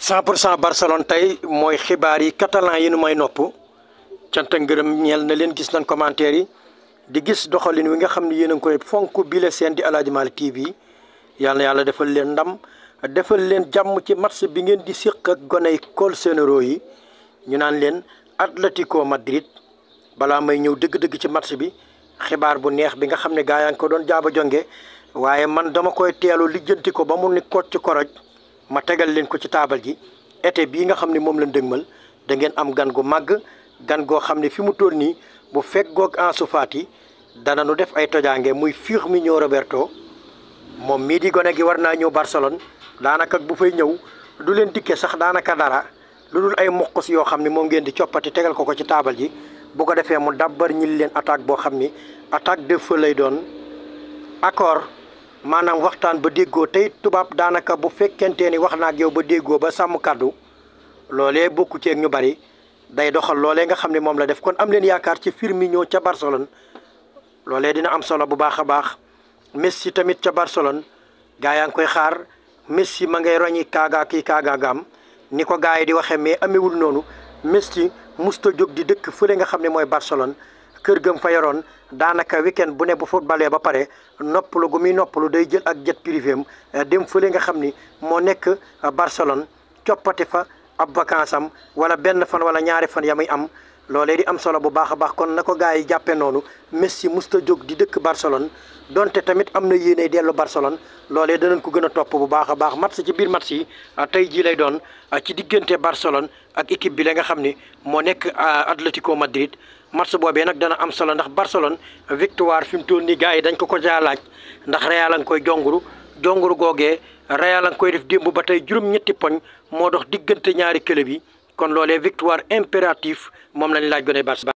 100 pour cent Barcelone tey mooy xibaar yi catalan yi nu may nopp cant ak ngërëm ñeel na leen gis nañ commentaire yi di gis doxalin wi nga xam ne yéen a ngi koy fonk bile seen di Aladji Malick TV yàlla yàlla defal leen ndam defal leen jàmm ci match bi ngeen di siq ak goney colsonero yi ñu naan leen Atlético Madrid balaa may ñëw dëgg-dëgg ci match bi xibaar bu neex bi nga xam ne gaa yaa ngi ko doon jaaba jonge waaye man dama koy teelu lijjanti ko ba mu ni kocc koroj ma tegal leen ko ci taabal ji été bii nga xam ne moom lañ dëgmal da ngeen am gan gu màgg gan goo xam ne fi mu toll nii bu fekk goog Ansu Fati dana nu def ay tojaange muy ñëw Roberto moom mii di gone gi war naa ñëw Barcelone daanaka bu fay ñëw du leen dikkee sax daanaka dara lu dul ay mokkus yoo xam ne moom ngeen di coppati tegal ko ko ci taabal ji bu ko defee mu dabbar ñil leen attaque boo xam ni attaque de feu lay doon accord maanaam waxtaan ba déggoo tey tubaab daanaka bu fekkente ni wax naa ak yow ba déggoo ba sàmm kàddu loolee bokku ceeg ñu bari day doxal loolee nga xam ne moom la def kon am leen yaakaar ci Firmino ca Barcelone loolee dina am solo bu baax a baax Messi tamit ca Barcelone gaa yaa ngi koy xaar Messi ma ngay roñi kaagaa kii kaagaagaam ni ko gaa yi di waxee mais amewul noonu Messi musta jóg di dëkk fële nga xam ne mooy Barcelone kër gëm fa yoroon daanaka weekend bu nekk bu footballee ba pare noppalu gu muy noppalu day jël ak jet privé am eh, dem fële nga xam ni moo nekk eh, Barcelone coppati fa ab vacance am wala benn fan wala ñaari fan ya muy am loolee di am solo bu baax a baax kon na ko gars yi jàppee noonu Messi musta jóg di dëkk Barcelone donte tamit am na yéene dellu Barcelone loolee danañ ko gën a topp bu baax a baax match ci biir match yi ah, tey jii lay doon ah, ci diggante Barcelone ak équipe bi la nga xam ni moo nekk ah, Atlético Madrid match boobee nag dana am solo ndax Barcelone victoire fi mu toll nii gars yi dañ ko ko jaalaaj ndax Real a nga koy jonguru jonguru googee Real a nga koy def démb ba tey juróom poñ moo dox diggante ñaari club yi. kon loolee victoire impérative moom lañ laaj gone Barça